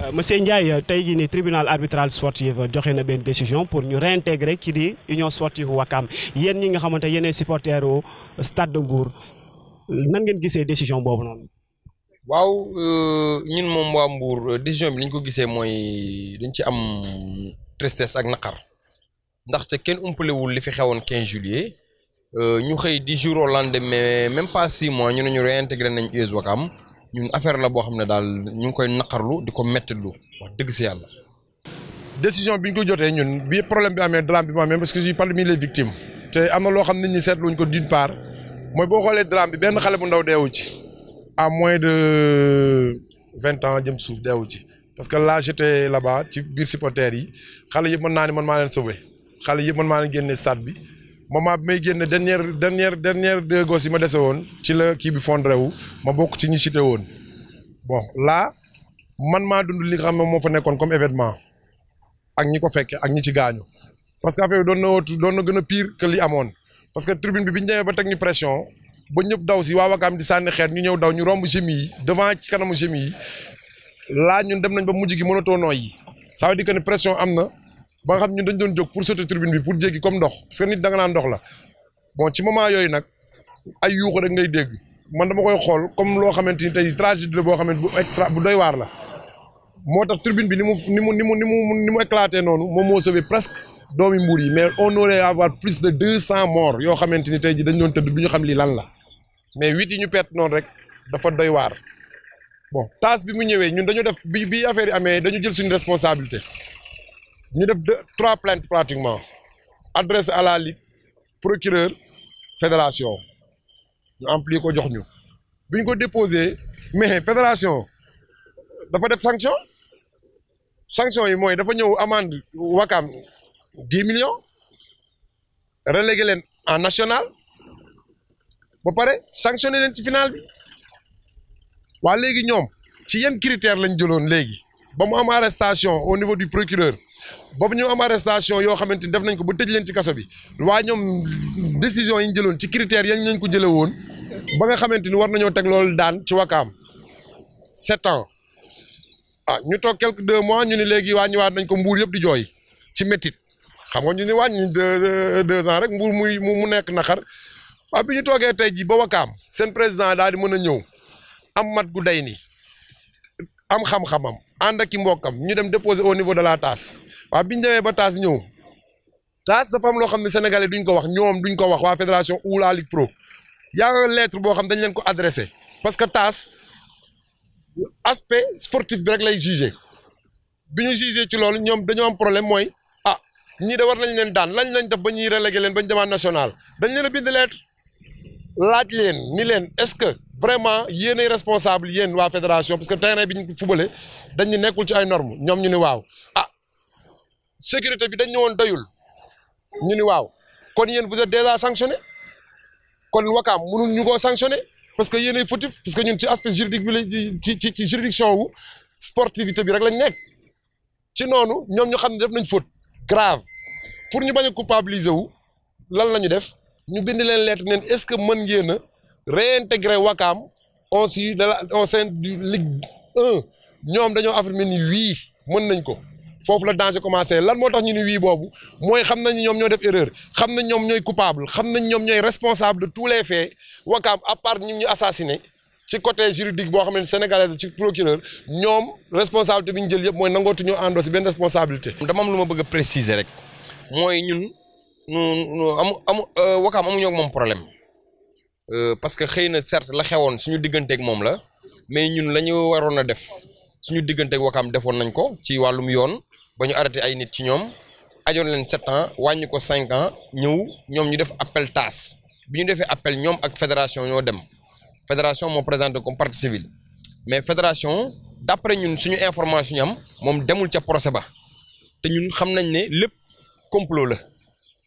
Euh, monsieur Ndiaye euh, tey jii ni tribunal arbitral sportif euh, joxe na benn décision pour ñu réintégrer kii di union sportive Wakam yéen ñi nga xamante yeneen supporters u Stade de Mbour nan ngeen gisee décision boobu noonu. waaw ñun moom waa Mbour décision bi li ñu ko gisee mooy dañ ci am tristesse ak naqar ndaxte kenn umpalewul li fi xewoon 15 juillet. Euh, ñu xëy di jour au lendemain même pas 6 mois ñu ne ñu réintégré nañ ci US Ouakam ñun affaire la boo xam ne daal ñu ngi koy naqarlu di ko méttitlu wax dëgg si yàlla. décision bi ko jotee ñun bi problème bi amé drame bi mu amee parce que je parmi les victimes té amna lo loo xam ne nit ñi seetluñ ko d'une part moy bo xolé drame bi ben xalé bu ndaw déwu ci à moins de 20 ans jëm souf déwu ci parce que là j'étais là-bas ci bir supporter yi xalé yi mën naa ne man ma len sauver xalé yi man ma len génné stade bi. moment bi may génn dernière dernière dernière deux gosses yi ma dese woon ci la kii bi fondré wu ma bokk ci ñi cité woon bon là man maa dund li nga xam ne moo fa nekkoon comme événement ak ñi ko fekke ak ñi ci gaañu parce que affaire bi doon na wootu doon na gën a pire que li amoon parce que tribune bi bi ñu demee ba teg ñu pression ba ñëpp daw si waa Wakaam di sànni xeet ñu ñëw daw ñu romb gémi yi devant ci kanamu gémi yi laa ñun dem nañ ba mujj gi mënatoo nooy yi ça di dire que pression am na. ba nga xam ñun dañ doon jóg pour sauter tribune bi pour jéggi comme ndox parce que nit da nga naan ndox la bon ci moment yooyu nag ay yuuxu rek ngay dégg man dama koy xool comme loo xamante ni tey tragédie la boo xamante bu extra bu doy waar la moo tax tribune bi ni mu ni mu ni mu ni mu ni mu éclaté noonu moom moo sauvé presque doomi mbuur yi mais on aurait avoir plus de deux cent morts yoo xamante ni tey ji dañ doon tëdd du ñu xam lii lan la mais huit yi ñu perte noonu rek dafa doy waar bon tas bi mu ñëwee ñun dañu def bi bi affaire yi amee dañu jël suñu responsabilité nous avons trois plaintes pratiquement adresse à la procureur fédération Nous avons ko jox ñu Nous déposé mais fédération dafa def sanction sanction yi mooy dafa ñëw amende 10 10 millions relégué en national Vous parlez sanctionner leen ci final bi waa des critères. ci critères. critère lañ jëloon arrestation au niveau du procureur boobu ñu am arrestation yoo xamante ni def nañ ko ba tëj leen ci kaso bi waaye ñoom décision yi ñu jëloon ci critères yañ nañ ko jëlee woon ba nga xamante ni war nañoo teg loolu daan ci wakaam sept ans ah ñu toog quelques deux mois ñu ni léegi waa ñëwaat nañ ko mbuur yëpp di jooy ci méttit xam nga ñu ni wàññi deux deux ans rek mbuur muy mu nekk naxar bi ñu toogee tey jii ba wakaam seen président daal di mën a ñëw am mat gu day ni am xam-xamam ànd ak i mbokkam ñu dem déposer au niveau de la tasse waaw bi ñu demee ba taas ñëw taas dafa am loo xam ne sénégalais duñ ko wax ñoom duñ ko wax waa fédération ou la Pro yaa nga lettre boo xam dañ leen ko adressé parce que taas aspect sportif bi rek lay jugé bi ñu jugé ci loolu ñoom dañoo am problème mooy ah ñii de war nañ leen daan lañ lañ def ba ñuy relégué leen ba ñu national dañ leen a bind lettre laaj leen ni leen est-ce que vraiment yéenay responsable yéen waa fédération parce que terrain bi ñu fubale dañ ñu nekkul ci ay normes ñoom ñu ni waaw ah sécurité bi dañ ñu woon doyul ñu ni waaw kon yéen vous êtes déjà sanctionné kon wakaam mënul ñu koo sanctionné parce que yéenay fautif parce que ñun ci aspect juridique bi la ci ci ci juridiction wu sportivité bi rek lañ nekk ci noonu ñoom ñu xam ne def nañ faute grave pour ñu bañ a wu lan la ñu def ñu bind leen leet neen est-ce que mën ngeen a réintégrer wakaam au si de la au sein du Ligue 1 ñoom dañoo affirmer ni oui mën nañ ko. foofu la danger commencé lan motax ñu ni wi bobu moy xamna nañ ñom ñoo def erreur xamna ñom ñoy coupable xamna ñom ñoy responsable de tous les faits wakam à part ñu ñu assassiné ci côté juridique bo xamné sénégalais ci procureur ñom responsabilité bi ñu jël yépp moy nangootu ñoo àndoo si benn responsabilité. dama am luma bëgg préciser rek moy ñun nu am am euh, wakam amuñu ak mom problème euh parce que xeyna na certes la xewon suñu digënté ak mom la mais ñun lañu warona def suñu digënté ak wakam defoon nañ ko ci walum yoon bañu arrêté ay nit ci ñom ajoon leen 7 ans wañu ko 5 ans ñew ñom ñu def appel tas, biñu défé appel ñom ak fédération ñoo dem fédération mo présenté comme parti civil, mais fédération d'après ñun suñu information ñam mom demul ci procès ba té ñun xam nañ né lepp complot la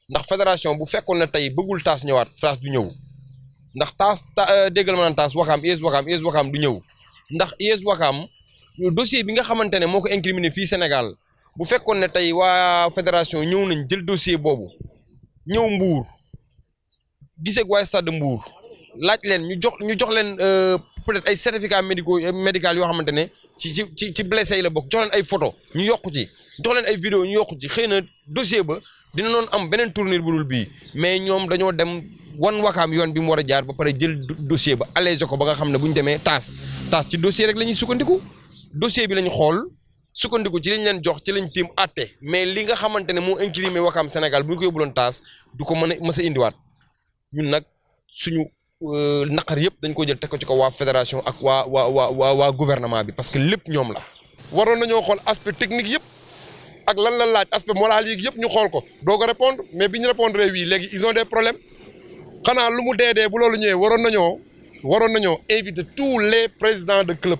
ndax fédération bu fekkone na tey bëggul tas ñëwaat taas du ñëw ndax tas euh, déggal man tas wakam is wakam is wakam du ñëw ndax is wakam dossier bi nga xamante ne moo ko incriminé fii Sénégal bu fekkoon ne tey waa fédération ñëw nañ jël dossier boobu ñëw Mbour giseeg waa stade mbuur laaj leen ñu jox ñu jox leen euh, peut-être ay certificat médicaux euh, médical yoo xamante ne ci ci ci blessé yi la bokk jox leen ay photo ñu yokku ci jox leen ay vidéo ñu yokku ci xëy na dossier ba dina noon am beneen tournure bu dul bii mais ñoom dañoo dem wan wakaam yoon bi mu war a jaar ba pare jël dossier ba allégé ko ba nga xam ne bu ñu demee taas taas ci dossier rek la ñuy sukkandiku dossier bi lañ xool sukkandiku ci liñ leen jox ci lañ tiim àtte mais li nga xamante ne moo incriminé Wakaam Sénégal bu ñu ko yóbbuloon taas du ko mën a mës indiwaat ñun nag suñu euh, naqar yëpp dañ ko jël teg ko ci ko waa fédération ak waa waa waa waa gouvernement bi parce que lépp ñoom la. waroon nañoo xool aspect technique yëpp ak lan lan laaj aspect moral yi yëpp ñu xool ko doo ko répondre mais bi ñu répondre wii léegi ils ont des problèmes xanaa lu mu dee dee bu loolu ñëwee waroon nañoo waroon nañoo inviter tous les présidents de club.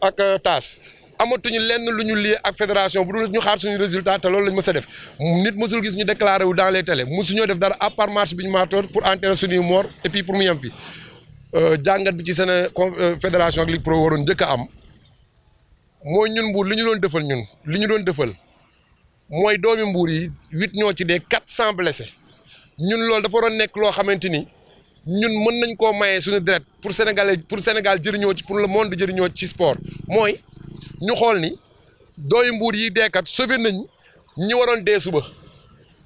ak euh, taas amatuñu lenn lu ñu lii ak fédération bu dul ñu xaar suñu résultat te loolu lañ mës a def nit mësul gis ñu déclaré wu dans les télé mësuñoo def dara à part marche bi ñu maatoon pour enterrer suñuy moor et puis pour mu yem fi euh, jàngat bi ci seen euh, fédération ak Ligue Pro waroon njëkk am mooy ñun mbuur li ñu doon defal ñun li ñu doon defal mooy doomi mbuur yi huit ñoo ci dee quatre cent blessés ñun loolu dafa waroon nekk loo xamante ni. ñun mën nañ koo maye suñu deret pour sénégalais pour Sénégal jëriñoo ci pour le monde jëriñoo ci sport mooy ñu xool ni dooyu mbuur yi deekat sauvé nañ ñi waroon dee suba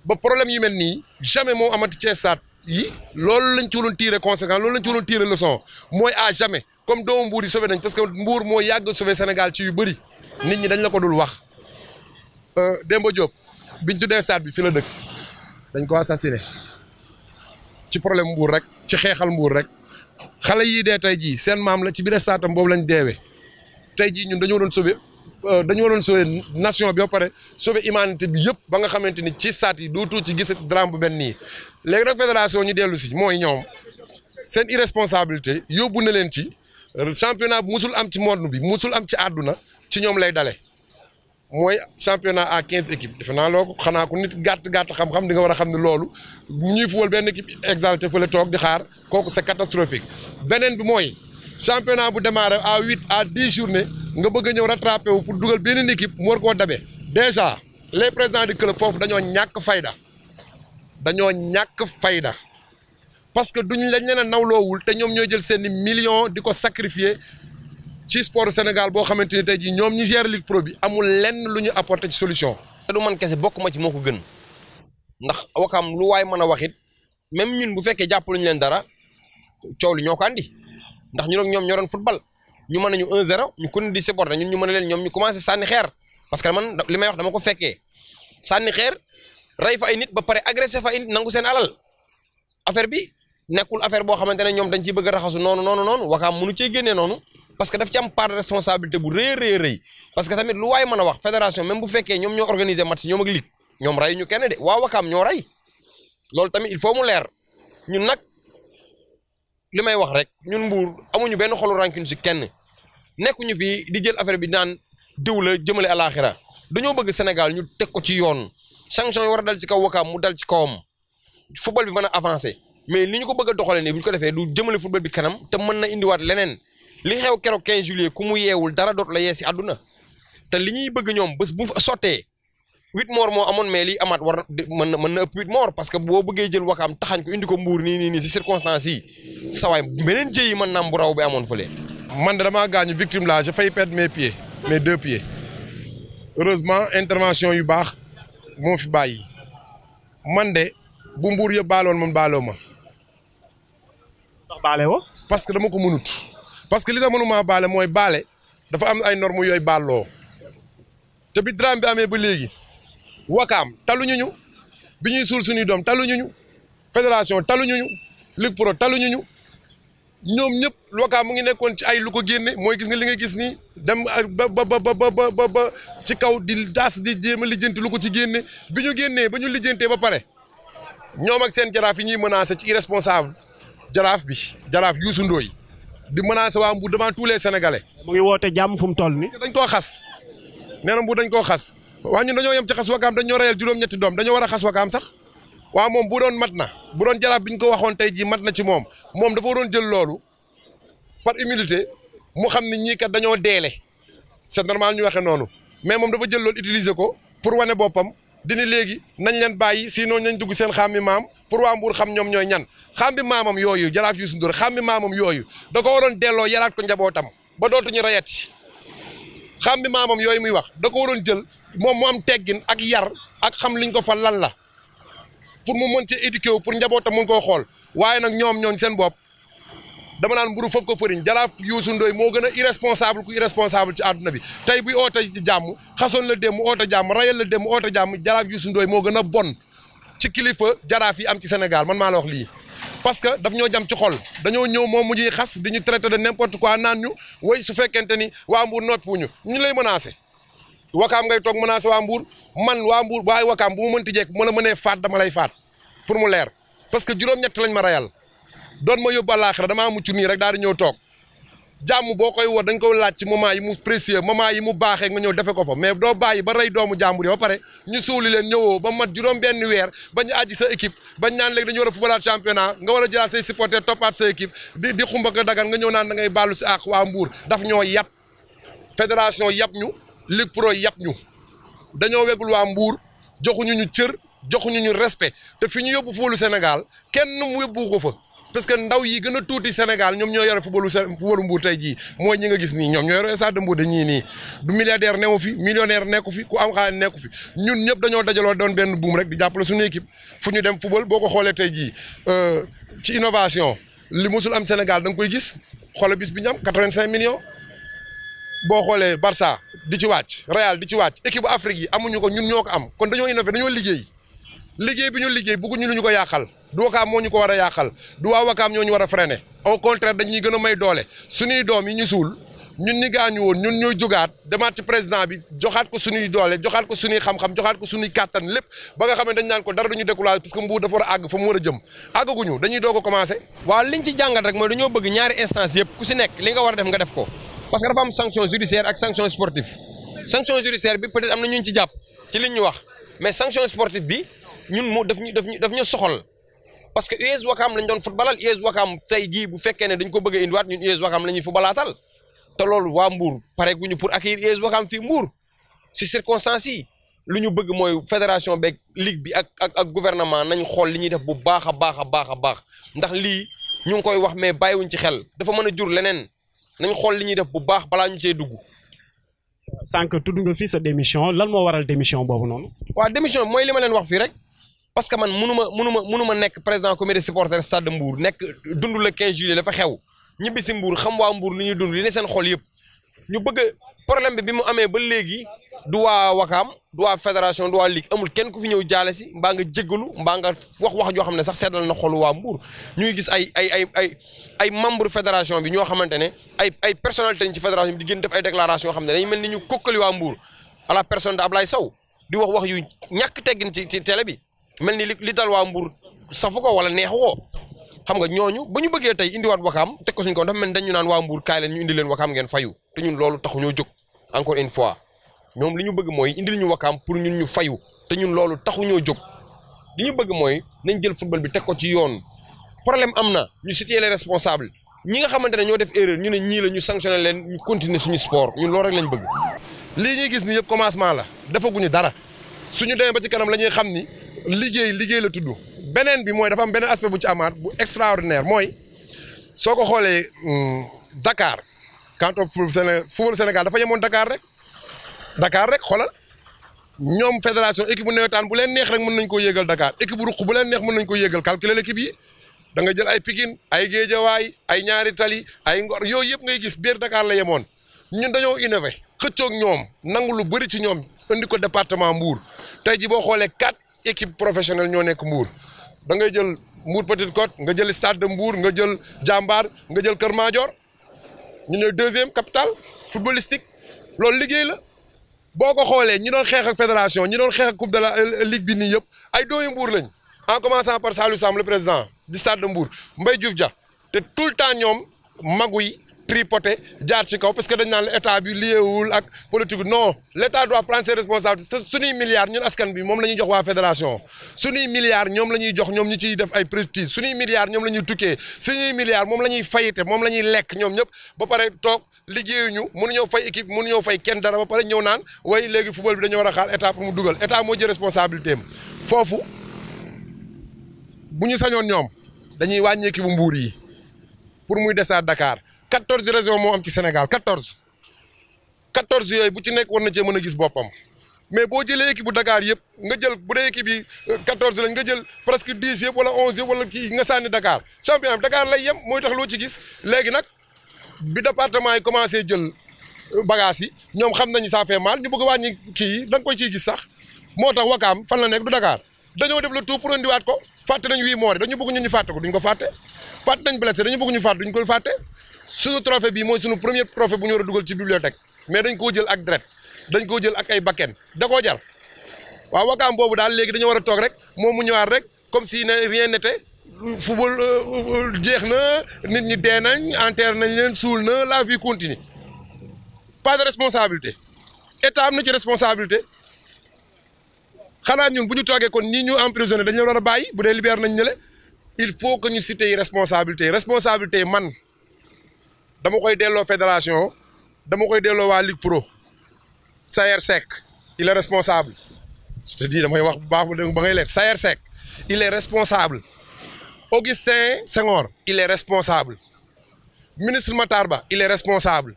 ba problème yu mel nii jamais moo amati cee saat yi loolu lañ ci waroon tirer conséquence loolu lañ ci waroon tirer mooy à jamais comme doomu mbuur yi sauvé nañ parce que mbuur moo yàgg sauvé Sénégal ci yu bëri nit ñi dañ la ko dul wax euh, Demba Diop biñ dee saat bi fi la dëkk dañ ko assassiné ci problème mbuur rek ci xeexal mbuur rek xale yii dee tey jii seen maam la ci biir saatam boobu lañ deewee tey jii ñun dañoo doon sauver euh, dañoo doon sauver nation bi ba pare sauver humanité bi yëpp ba nga xamante ni ci saat yi dootu ci gis drame bu benn nii léegi nag fédération ñu dellu si mooy ñoom seen irresponsabilité yóbbu na leen ci championnat bu musul am ci monde bi musul am ci àdduna ci ñoom lay dale moy championnat à 15 équipes defe naa xana ko nit gatt gatt xam-xam di nga war a xam ne loolu ñuy fuwal benn équipe exalté fële tok di xaar kooku c'est catastrophique benen bi moy championnat bu démarré à 8 à 10 journées nga bëgg a ñëw rattrapé wu pour duggal beneen équipe mu war ko dabé déjà les présidents du club fofu dañoo ñak fayda dañoo ñak fayda parce que duñ lañ leen a nawloowul te ñom ñoy jël sen millions diko sacrifier ci sport senegal bo xamanteni tay ji ñom ñi gère ligue pro bi amul lenn lu ñu apporter ci solution. lu man kese bokuma ci moko gën ndax wakam lu way mëna waxit même ñun bu fekkee jàppaluñu leen dara ciow lu ñoo andi ndax ñu rek ñom ñoo football ñu mëna ñu 1-0 ñu kunu di supporter ñun ñu mëna a leen ñoom ñu commencé sanni xeer parce que man limay wax dama ko féké sanni xeer ray fa ay nit ba paré agresser fa ay nit nangu seen alal affaire bi nekul affaire bo xamantene ñom dañ ci bëgg raxasu noonu noonu noonu wakam mënu ci gënné noonu. parce que daf ci am part de responsabilité bu rëy rëy rëy parce que tamit lu waay mën a wax fédération même bu fekkee ñoom ñoo organiser match ñoom ak lig ñoom rey ñu kenn de waa Wakaam ñoo rey loolu tamit il faut mu leer ñun nag li may wax rek ñun mbuur amuñu benn xolu rancune si kenn nekkuñu fii di jël affaire bi naan diw la jëmale alaxira dañoo bëgg Sénégal ñu teg ko ci yoon sanction yi war a dal ci kaw Wakaam mu dal ci kawam football bi mën a avancer mais li ñu ko bëgg a doxalee nii bu ko defee du jëmale football bi kanam te mën na indiwaat leneen. li xew keroog 15 juillet ku mu yeewul dara doot la yee si àdduna te li ñuy bëgg ñoom bés bu sottee huit morts moo amoon mais lii amaat war mën na mën na ëpp huit morts parce que boo bëggee jël am taxañ ko indi ko mbuur nii nii nii si circonstances yi sawaay beneen jëyi mën naam bu raw bi amoon fële. man de damaa gaañu victime laa j'ai failli perdre mes pieds mes deux pieds heureusement intervention yu baax moo fi bàyyi man de bu mbuur yëpp baaloon man baaloo ma. ndax baale woo. que dama ko mënut. parce que li tax mënumaa baale mooy baale dafa am ay normes yooy baaloo te bi drame bi amee ba léegi wakaam talu ñu bi ñuy suul suñuy doom taluñu ñu fédération talu ñu ligue pro taluñu ñu ñoom ñëpp wakaam mu ngi nekkoon ci ay lu ko génne mooy gis nga li nga gis ni dem ba ba ba ba ci kaw di daas di jéem a lijjanti lu ko ci génne bi ñu génne ba ñu lijjantee ba pare ñoom ak seen jaraaf yi ñuy menacé ci responsable jaraaf bi jaraaf Youssou Ndoye di menacer waa Mbour devant tous les sénégalais. mu ngi woote jàmm fu mu toll nii. dañ koo xas nee na Mbour dañ koo xas waa ñun dañoo yem ci xas wakaam dañ ñoo reyal juróom-ñetti doom dañoo war a xas wakaam sax waa moom bu doon mat na bu doon jaraaf bi ñu ko waxoon tey jii mat na ci moom moom dafa waroon jël loolu par humilité mu xam ni ñii kat dañoo deele c'est normal ñu waxee noonu mais moom dafa jël loolu utiliser ko pour wane boppam. dini léegi nañ leen bàyyi sinon nañ dugg seen xàmmi maam pour waa Mbour xam ñoom ñooy ñan xàmmi maamam yooyu jaraaf Youssou Ndour xàmmi maamam yooyu da ko waroon delloo yaraat ko njabootam ba dootuñu rayati xàmmi maamam yooyu muy wax da ko waroon jël moom mu am teggin ak yar ak xam liñ ko fa lan la pour mu mën ci éduqué wu pour njabootam mun koo xool waaye nag ñoom ñooñ seen bopp dama naan mburu foofu ko fëriñ jaraaf Youssou Ndoye moo gën a irresponsable ku irresponsable ci àdduna bi tey buy oote jàmm xasoon la démb oote jàmm rayal la démb oote jàmm jaraaf Youssou Ndoye moo gën a bon ci kilifa jaraaf yi am ci Sénégal man maa la wax lii parce que daf ñoo jam ci xol dañoo ñëw moo mujj ñuy xas di ñu traité de n'importe quoi naan ñu way su fekkente ni waa Mbour noppiwuñu ñu ñu lay menacé wakaam ngay toog menacé waa Mbour man waa Mbour waaye wakaam bu mu mënti jekk bu ma la mënee faat dama lay faat pour mu leer que juróom lañ ma rayal doon ma yóbbu àllaaxira damaa mucc nii rek daal di ñëw toog jàmm boo koy woo da nga ko laaj ci moment yi mu précieux moment yi mu baaxee nga ñëw defe ko fa mais doo bàyyi ba rey doomu jàmbur yi ba pare ñu suuli leen ñëwoo ba mat juróom benn weer ba ñu àjji sa équipe ba ñu naan léegi dañu war a footballaat championnat nga war a jëlaat say supporter toppaat sa équipe di di xumba ko dagan nga ñëw naan da ngay baalu si àq waa Mbour daf ñoo yàpp fédération yàpp ñu Ligue Pro yàpp ñu dañoo wegul waa joxuñu ñu cër joxuñu ñu respect te fi ñu yóbbu foolu Sénégal kenn mu yóbbu ko fa parce que ndaw yi gën a tuuti Sénégal ñoom ñoo yore footballu footballu Mbour jii mooy ñi nga gis nii ñoom ñoo yore stade Mbour dañuy nii du milliardaire newu fi millionnaire nekku fi ku am xaalis nekku fi ñun ñëpp dañoo dajaloo doon benn buum rek di jàppale suñu équipe fu ñu dem football boo ko xoolee tey jii euh, ci innovation li musul am Sénégal da nga koy gis xoole bis bi ñu am 85 millions boo xoolee Barça di ci wàcc Real di ci wàcc équipe Afrique yi amuñu ko ñun ñoo ko am kon dañoo innové dañoo liggéey liggéey bi ñu liggéey bëgguñu lu ñu ko yàqal du wakaam moo ñu ko war a yàqal du waa wakaam ñoo ñu war a freiner au contraire dañuy gën a may doole suñuy doom yi ñu suul ñun ñi gaañu woon ñun ñooy jugaat demaat ci président bi joxaat ko suñuy doole joxaat ko suñuy xam-xam joxaat ko suñuy kàttan lépp ba nga xam ne dañ naan ko dara duñu découragé parce que mbuur dafa war a àgg fa mu war a jëm àggaguñu dañuy doog a waaw rek mooy dañoo bëgg ñaari instance yëpp ku si nekk li nga war a def nga def ko parce que dafa am sanction judiciaire ak sanction sportive sanction judiciaire na ñun ci jàpp ci ñu wax mais sanction sportive bi ñun moo daf ñu daf ñu daf ñu soxal parce que US Wakam lañ doon footballal US Wakam tey jii bu fekkee ne dañ ko bëgg a indiwaat ñun US Wakam la ñuy footballaatal te loolu waa Mbour pare guñu pour accueillir US Wakam fii Mbour si circonstances lu ñu bëgg mooy fédération beeg ligue bi ak ak gouvernement nañ xool li ñuy def bu baax a baax a baax a baax ndax lii ñu ngi koy wax mais bàyyiwuñ ci xel dafa mën a jur leneen nañ xool li ñuy def bu baax balaa ñu cee dugg. sànq tudd nga fii sa démission lan moo waral démission boobu noonu. waaw démission mooy li ma leen wax fi rek. parce que man munu ma munu ma nekk président comité supporter stade de nekk dund la 15 juillet dafa xew ñibbi si mbuur xam waa Mbour lu ñuy dund li ne seen xol yëpp ñu bëgg problème bi bi mu amee ba léegi du waa Wakaam du waa fédération du waa ligue amul kenn ku fi ñëw jaale si mbaa nga jéggalu mbaa nga wax wax joo xam ne sax seddal na xolu waa Mbour ñu ngi gis ay ay ay ay ay membre fédération bi ñoo xamante ne ay ay personnalité ci fédération bi di gën def ay déclaration yoo xam ne dañu mel ni ñu kokkali la personne de Ablaye Sow di wax wax yu ñàkk teggin ci ci télé bi mel ni li li dal waa Mbour safu ko wala neexu ko xam nga ñooñu ba ñu bëggee tey indiwaat wakaam teg ko ko dafa mel ni naan waa Mbour kaay leen ñu indi leen wakaam ngeen fayu te ñun loolu taxu ñoo jóg encore une fois ñoom li ñu bëgg mooy indil ñu wakaam ñun ñu fayu te ñun loolu taxu ñoo li ñu bëgg mooy nañ jël football bi teg ko ci yoon problème am na ñu situer les responsables ñi nga xamante ne ñoo def erreur ñu ne ñii la ñu sanctionné leen ñu continuer suñu sport ñun loolu rek lañ bëgg. lii ñuy gis ni yëpp commencement la dafaguñu dara suñu demee ba ci kanam la ñuy xam ni liggéey liggéey la tudd beneen bi mooy dafa am beneen aspect bu ci amaat bu extraordinaire mooy soo ko xoolee hmm, dakaar quand on football Sénégal dafa yemoon dakaar rek Dakar rek xoolal ñoom fédération équipe bu nawetaan bu leen neex rek mën nañ koo yéegal Dakar équipe bu ruq bu leen neex mën nañ koo yéegal calculer l'équipe yi da nga jël ay pikin ay Géejawaay ay ñaari tali ay Ngor yooyu yëpp ngay gis biir Dakar la yemoon ñun dañoo innové xëccoog ñoom nangu lu bëri ci ñoom indi département Mbour équipe professionnelle ñoo nekk Mbour da ngay jël Mbour Petite Côte nga jël stade de Mbour nga jël Jambar nga jël Kër Madior ñu ne deuxième capitale footballistique loolu liggéey la boo ko xoolee ñi doon xeex ak ñi doon xeex ak coupe de la euh, euh, ligue bi nii yëpp ay dooyu Mbour lañ en commençant par Saliou Samb le président du stade de Mbour Mbaye Diouf Dia te tout le temps ñoom magu yi tripoter jaar ci kaw parce que dañ naan la état bi liéewul ak politique non l' état doit prendre ses responsabilités suñuy milliards ñun askan bi moom la ñuy jox waa fédération suñuy ñoom la ñuy jox ñoom ñu ciy def ay prestige suñuy milliards ñoom la ñuy tukkee suñuy milliards moom la ñuy fayite moom lañuy lekk ñoom ñëpp ba pare toog liggéeyuñu mënuñoo fay équipe mënuñoo fay kenn dara ba pare ñëw naan way léegi football bi dañoo war a xaar état pour mu dugal état moo jël responsabilité foofu bu ñu sañoon ñoom dañuy wàññi équipe bu mbuur yi pour muy desaat Dakar. quatorze régions moo am ci Sénégal quatorze quatorze yooyu bu ci nekk war na cee mën a gis boppam mais boo jëlee équipe bu Dakar yëpp nga jël bu dee équipe yi euh, quatorze lañ nga jël presque dix yëpp wala onze yëpp wala kii nga sànni Dakar champion Dakar lay yem mooy tax loo ci gis léegi nag bi département yi commencé jël euh, bagages yi ñoom xam nañu ça fait mal ñu bëgg kii yi da koy ciy gis sax moo tax Wakaam fan la nekk du Dakar dañoo def le tout pour indiwaat ko fàtte nañ wii moore dañu bëgg ñu ñu fàtte ko duñ ko fàtte fàtte nañ blessé dañu bëgg ñu fàtte duñ ko fàtte suñu trophée bi moy suñu premier trophée bu ñu wara duggal ci bibliothèque mais dañ ko jël ak dret dañ ko jël ak ay bakken da ko jar wa wakam bobu dal légui dañu wara tok rek mo mu ñëwaat rek comme si ne rien n'était football euh, euh, jeex na nit ñi dee nañ enterré nañ leen sul na la vie continue pas de responsabilité état am na ci responsabilité xanaa ñun bu ñu toogee kon ñi ñu emprisonner dañ leen wara bayyi bu dé libéré nañ ñële il faut que ñu cité yi responsabilité responsabilité man dama koy delloo fédération dama koy delloo waa Ligue Pro Sayer Seck il e responsable je te wax bu baax ba ngay leer Sayer Seck il est responsable Augustin Senghor il est responsable ministre Matar Ba il est responsable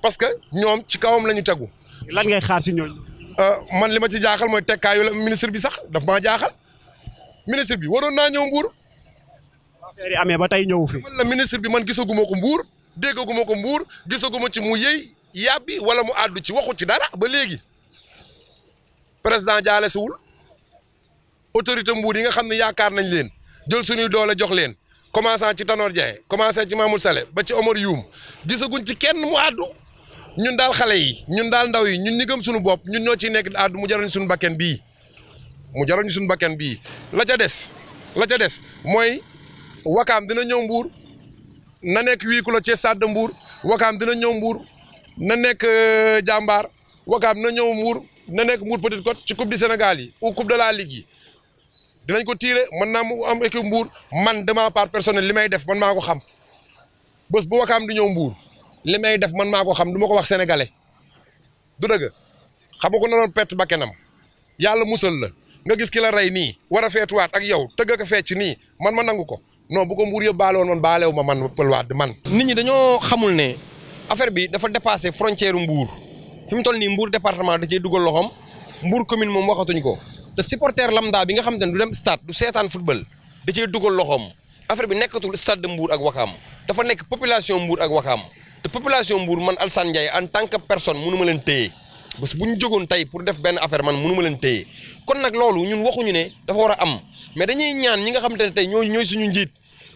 parce que ñoom ci kawam la ñu tegu. lan ngay xaar si ñooñu. Euh, man li ma ci jaaxal mooy tekkaayu la ministre bi sax daf maa jaaxal ministre bi waroon naa ñëw Mbour. affaire yi amee ba tey ñëw fi. man la ministre bi man gisaguma ko Mbour. déggaguma ko mbuur gisaguma ci mu yëy yàbbi wala mu àddu ci waxu ci dara ba léegi président jaale autorité mbuur yi nga xam ne yaakaar nañ leen jël suñuy doole jox leen commençant ci Tanor Dieng commencé ci Mamour Saleh ba ci Omar Youm gisaguñ ci kenn mu àddu ñun daal xale yi ñun daal ndaw yi ñun ñi gëm suñu bopp ñun ñoo ciy nekk àddu mu jaroñ suñu bakken mu suñu bakken la ca la ca dina na nekk huis clos ci stade de Mbour Wakaam dina ñëw mbuur na nekk jàmbaar euh, Wakaam na ñëw Mbour na nekk Mbour Petite Côte ci coupe du Sénégal yi ou coupe de la ligue yi ko tiire mën naa mu am équipe mbuur man de ma part personnelle li may def man maa ko xam bës bu Wakaam di ñëw mbuur li may def man maa ko xam du ma ko wax sénégalais du dëgg xam nga ko naroon pett bakkenam yàlla musal la nga gis kila la rey nii war a feetuwaat ak yow tëgg a ko fecc nii man ma nangu ko. non bu ko mbuur yëpp man ma man Pël Wade man. nit ñi dañoo xamul ne affaire bi dafa dépasser frontière mbuur fimu toll ni mbuur département da cee duggal loxom mbuur commune mom waxatuñ ko te supporter lambda bi nga xam start. du dem stade du sétane football da cee duggal loxom affaire bi nekatul stade de mbuur ak wakaam dafa nek population mbuur ak wakam te population mbuur man Alassane Ndiaye en tant que personne mënu ma leen téye bés bu ñu jógoon pour def ben affaire man mënu ma leen kon nak loolu ñun ñu ne dafa wara am mais dañuy ñaan ñi nga xam te ne ñoy suñu njit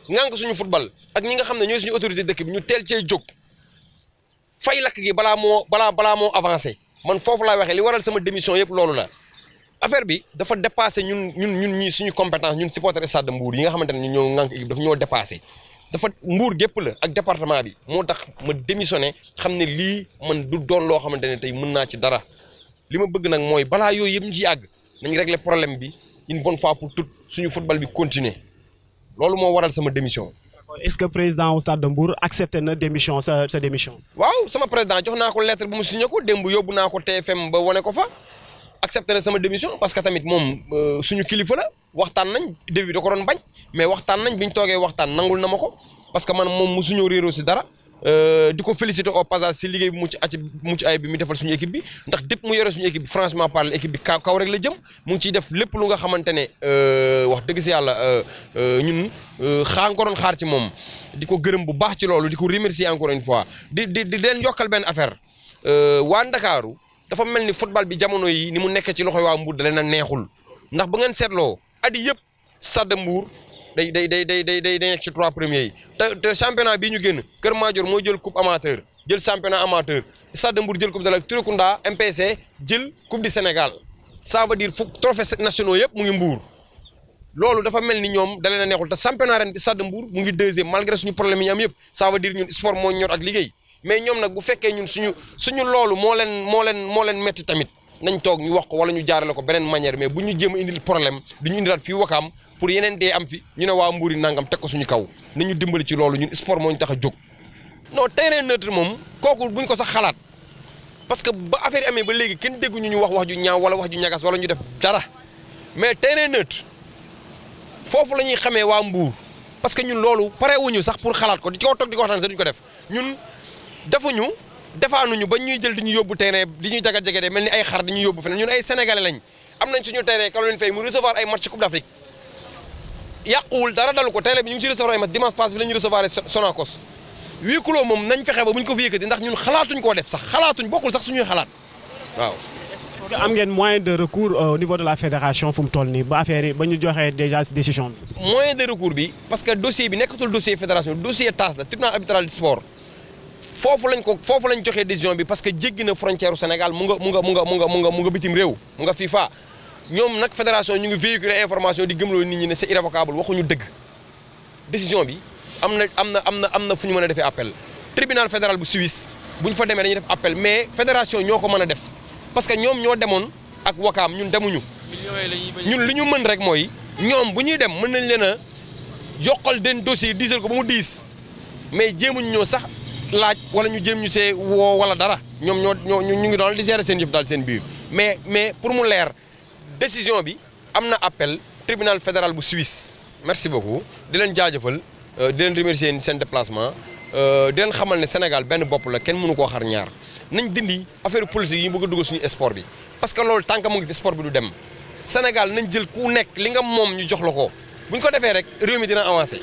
ŋànk suñu football ak ñi nga xam ne ñooy suñu autorité dëkk bi ñu tel cee jóg fay lakk gi balaa moo balaa balaa moo avancé man foofu laa waxee li waral sama démission yëpp loolu la affaire bi dafa dépassé ñun ñun ñun ñii suñu compétence ñun supporter stade de Mbour yi nga xamante ne ñun ñoo ŋànk équipe dafa ñoo dépassé dafa mbuur gépp la ak département bi moo tax ma démissionné xam ne lii man du doon loo xamante ne tey mën naa ci dara li ma bëgg nag mooy balaa yooyu yëpp ñu ci yàgg nañ régler problème bi une bonne fois suñu football bi continuer loolu moo waral sama démission. est-ce que président Stade de Mbour accepté na démission sa démission. waaw sama président jox naa ko lettre bu mu signé ko démb yóbbu naa ko TFM ba wane ko fa accepté na sama démission parce que tamit moom euh, suñu kilifa la waxtaan nañ début da ko doon bañ mais waxtaan nañ bi ñu toogee nangul na parce que man moom mu suñu réeroo si dara. Euh, di ko féliciter o passage si liggéey bi mucc aci mucc ay bi mu defal suñu équipe bi ndax dépp mu yore suñu équipe bi franchement parle équipe bi kaw rek la jëm mu ngi ciy def lépp lu nga xamante ne euh, wax dëgg si yàlla euh, ñun xaa nga xaar ci moom di ko gërëm bu baax ci loolu di ko remercier encore une fois di di leen yokkal benn affaire waa Ndakaaru dafa mel ni football bi jamono yi ni mu nekkee ci loxoy waa Mbour da leen a neexul ndax ba ngeen seetloo at yii yëpp Stade Mbour day day day day day day nekk ci trois premiers championnat bii ñu génn Kër Madior moo jël coupe amateur jël championnat amateur Stade de Mbour jël coupe de la Turekunda MPC jël coupe du Sénégal ça veut dire fu trophées nationaux yëpp mu ngi Mbour loolu dafa mel ni ñoom dalee na neexul te championnat ren Stade de Mbour mu ngi deuxième malgré suñu problème yi am yëpp ça veut dire ñun sport moo ñor ak liggéey mais ñoom nag bu fekkee ñun suñu suñu loolu moo leen moo leen moo leen metti tamit. nañ toog ñu wax ko wala ñu jaarale ko beneen manière mais bu ñu jéem a indil problème du ñu indilaat fii wakaam pour yeneen dee am fi ñu ne waa Mbuur yi nangam teg ko suñu kaw nañu dimbali ci loolu ñun sport moo ñu tax a jóg. non terrain neutre moom kooku buñ ko sax xalaat parce que ba affaire amee ba léegi kenn dégguñu ñu wax wax ju ñaaw wala wax ju ñagas wala ñu def dara mais terrain neutre foofu la ñuy xamee waa Mbuur parce que ñun loolu parewuñu sax pour xalaat ko di ko toog di waxtaan sax ko def ñun defuñu. defaanuñu ba ñuy jël di ñu yóbbu terrain di ñuy jaga-jage de ay xar di ñu yóbbu feneen ñun ay sénégalais lañ am nañ suñu terrain Caroline fay mu recevoir ay match coupe d'Afrique yaqul dara dalu ko terrain bi ñu ci recevoir ay match dimanche passé bi la ñu recevoir Sonacos huis clos mom nañ fexé ba buñ ko fi yëkkati ndax ñun xalaatuñ ko def sax xalaatuñ bokul sax suñu xalaat waaw est-ce que am ngeen moyen de recours euh, au niveau de la fédération fum mu toll nii ba affaire yi ba ñu joxee déjà décision bi moyen de recours bi parce que dossier bi nekkatul dossier fédération dossier TAS la tribunal arbitral du sport fofu lañ ko fofu lañ joxee décision bi parce que jéggi na frontière Sénégal mu nga mu nga mu nga mu nga mu nga mu nga bitim rew mu nga FIFA ñom nak fédération ñu ngi véhiculer information di gëmlo nit ñi né c'est irrévocable waxu ñu dëgg décision bi amna amna amna amna fuñu mëna défé appel tribunal fédéral bu Suisse buñ fa démé dañuy def appel mais fédération ñoko mëna def parce que ñom ño démon ak wakam ñun démuñu ñun liñu mën rek moy ñom buñuy dem mën nañ leen a den dossier diesel ko ba mu diis mais jëmuñ ñoo sax laaj wala ñu jëm ñu sé wo wala dara ñom ñoo ñu ngi doon di gérer seen yëf dal seen biir mais mais pour mu lèr décision bi amna appel tribunal fédéral bu Suisse merci beaucoup di leen jaajeufal euh, di leen remercier seen déplacement euh di leen xamal né Sénégal ben bop la kenn mënu ko xar ñaar nañ dindi affaire politique yi ñu bëgg a dugal suñu sport bi parce que lool tànk mo ngi fi sport bi du dem Sénégal nañ jël ku nekk li nga mom ñu jox la ko bu ko défé rek réew mi dina avancer.